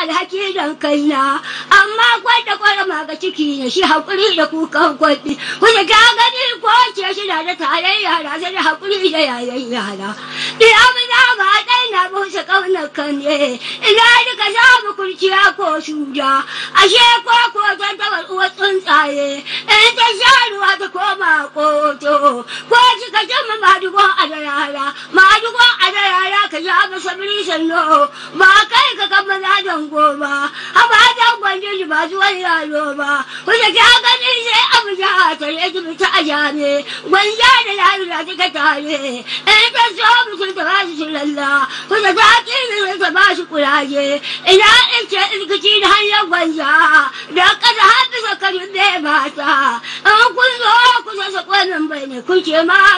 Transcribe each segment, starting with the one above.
alhaki na amma gwada ma ga ciki ne shi hakuri da kukan kwaɗi kuma ga gani ko ce shi na da tarayya na sai da hakuri da yayan yara ɗiya muna ba dai na busa ƙaunar ka ne ina duka mu kurciya ko shuja ashe ko ko ta sabili shallo ba kai ka kama na dango ba haba dan gwanji ba zuwa yalo ba kusa ki haka ni sai abu ja ta yaji mu ta ajane gwanja da yaro da kika tare eh ta so mu kun ta bashi shallalla kusa ta ki ni ta bashi kulaje ina in ce in kici da hanyar gwanja da kada haɗu ne ba ta an kun zo kusa bai ne kuke ma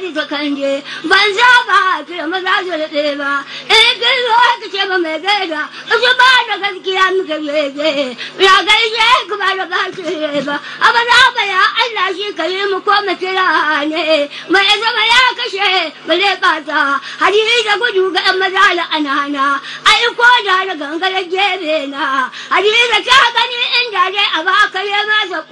daji zakange ban za ba ma maza zo da ɗaya ba e ke zo ka ce ba mai ga su ba da gaskiya muka gaida ya ye ku ba da ce ba amma za ba ya Allah shi ka mu ko mu kira ne mai zama ya kashe ba ta hadi hadisi da gudu ga ɗan maza anana ai ko da da gangarar gebe na hadisi ta gani in da dai a ba ka yi masa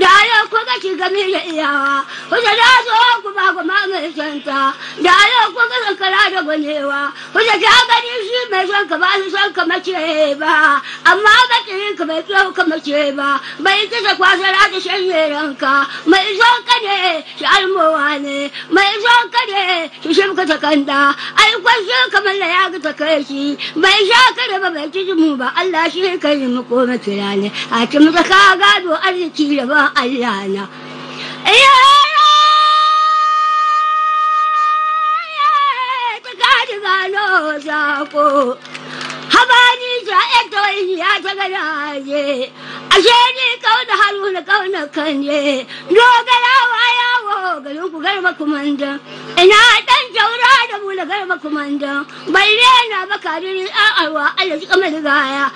da ya kuma ki gami da iyawa kusa da so ku ba ku ma mai santa da yau ku ga kara da gwanewa kusa ta gani shi mai son ka ba su son ka mace ba amma ki yin ka bai san ka mace ba bai kisa kwasa da shanye ranka mai son ka ne shi almowa ne mai son ka ne shi ka ta kanda ai shi kamar da ya ga ta kai shi bai sha ka ba bai ci mu ba Allah shi kai mu ko mace ne a cikin ka gado arziki da ba Allah na ko habani ja eto ya tagara ye ashe ni kauna haruna kauna kanye dogara waya wo garin ku garba kumanda ina dan jaura da mu da garba kumanda bai rena ba kadirin a arwa Allah shi kamar gaya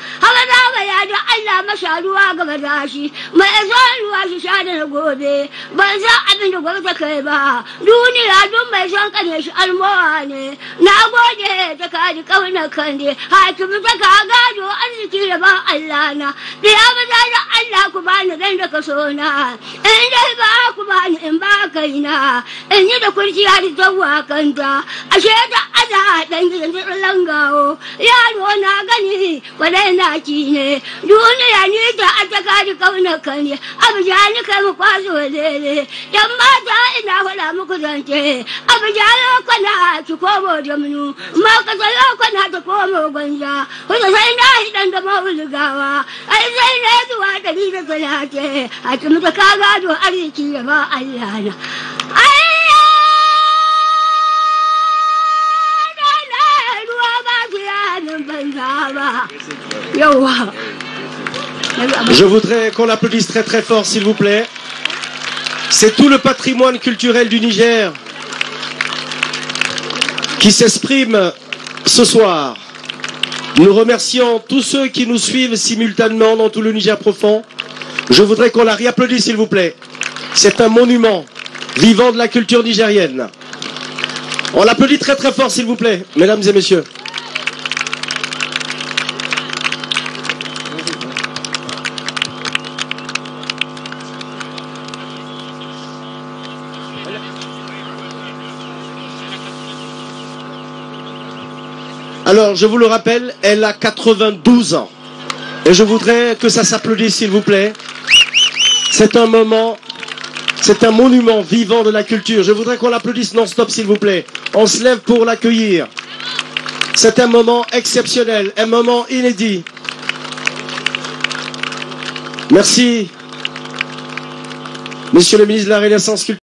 da Allah masa ruwa gaba da shi mai zo ruwa shi sha da gobe ban san abin da gobe ta kai ba duniya duk mai son kane shi almowa ne na gode ta kaji kauna kan ne hakimi ta ka gado arziki da ban Allah na biya maza da Allah ku ba bani zan da ka na in dai ba ku bani in ba kaina in yi da kurciya da zawa kanta ashe da ada dan gidan tsirran gawo yaro na gani kwadai na ki ne duniya ni ta ata kaji kauna kani abu ja ni kai mu kwazo lele yan mata ina faɗa muku zance abu ja lokana ki komo jamnu ma ka lokana ta komo gwanja kusa sai na hidan da mawulgawa ai sai na zuwa ɗari da Je voudrais qu'on applaudisse très très fort, s'il vous plaît. C'est tout le patrimoine culturel du Niger qui s'exprime ce soir. Nous remercions tous ceux qui nous suivent simultanément dans tout le Niger profond. Je voudrais qu'on la réapplaudisse, s'il vous plaît. C'est un monument vivant de la culture nigérienne. On l'applaudit très très fort, s'il vous plaît, mesdames et messieurs. Alors, je vous le rappelle, elle a 92 ans. Et je voudrais que ça s'applaudisse, s'il vous plaît. C'est un moment, c'est un monument vivant de la culture. Je voudrais qu'on l'applaudisse non-stop, s'il vous plaît. On se lève pour l'accueillir. C'est un moment exceptionnel, un moment inédit. Merci, Monsieur le ministre de la Renaissance culturelle.